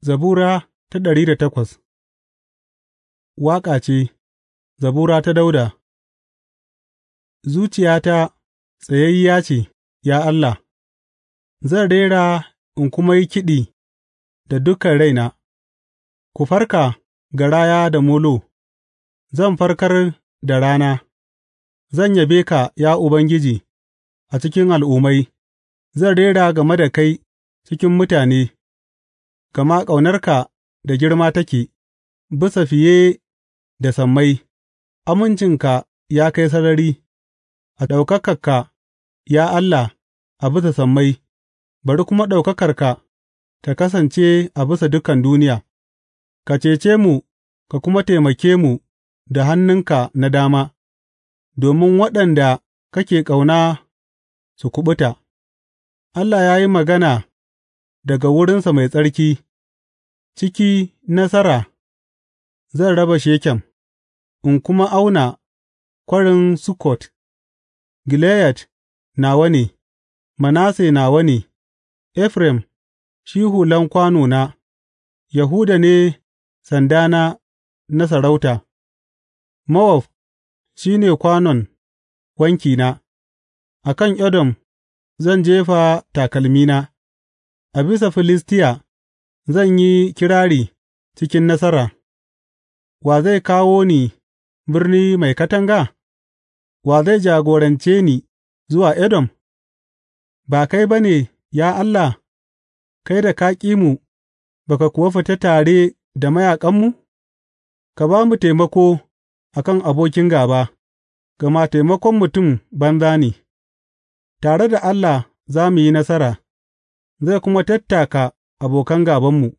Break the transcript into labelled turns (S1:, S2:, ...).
S1: Zabura ta ɗari da takwas Waƙa ce, Zabura ta Dauda Zuciyata tsayayya ce, ya Allah, zan rera in kuma yi kiɗi da dukan raina, ku farka ga Raya da molo, zan farkar da rana, zan yabe ka, ya Ubangiji, a cikin al'ummai, zan rera game da kai cikin mutane. gama ƙaunarka da girma take, bisa fiye da sammai, amincinka ya kai sarari, a ɗaukakarka, ya Allah, a bisa sammai, bari kuma ɗaukakarka ta kasance a bisa dukan duniya, ka cece mu ka kuma taimake mu da hannunka na dama, domin waɗanda kake ƙauna su kuɓuta. Allah ya yi magana daga wurinsa mai tsarki. Ciki nasara zan raba Shekem in kuma auna Kwarin Sukkot; Gileyad nawa ne, Manasse nawa ne, Efraim shi hulan kwanona, Yahuda ne sandana na sarauta, Mowab shi ne kwanon wankina; a kan Edom zan jefa takalmina, a bisa Filistiya. Zan yi kirari cikin nasara, Wa zai kawo ni birni mai katanga? Wa zai jagorance ni zuwa Edom? Ba kai ba ne, ya Allah, kai da ka ƙi mu ba ka kuwa fita tare da mayaƙanmu? Ka ba mu taimako a kan abokin gaba. gama taimakon mutum banza ne; tare da Allah za mu yi nasara, zai kuma tattaka abokan gābanmu.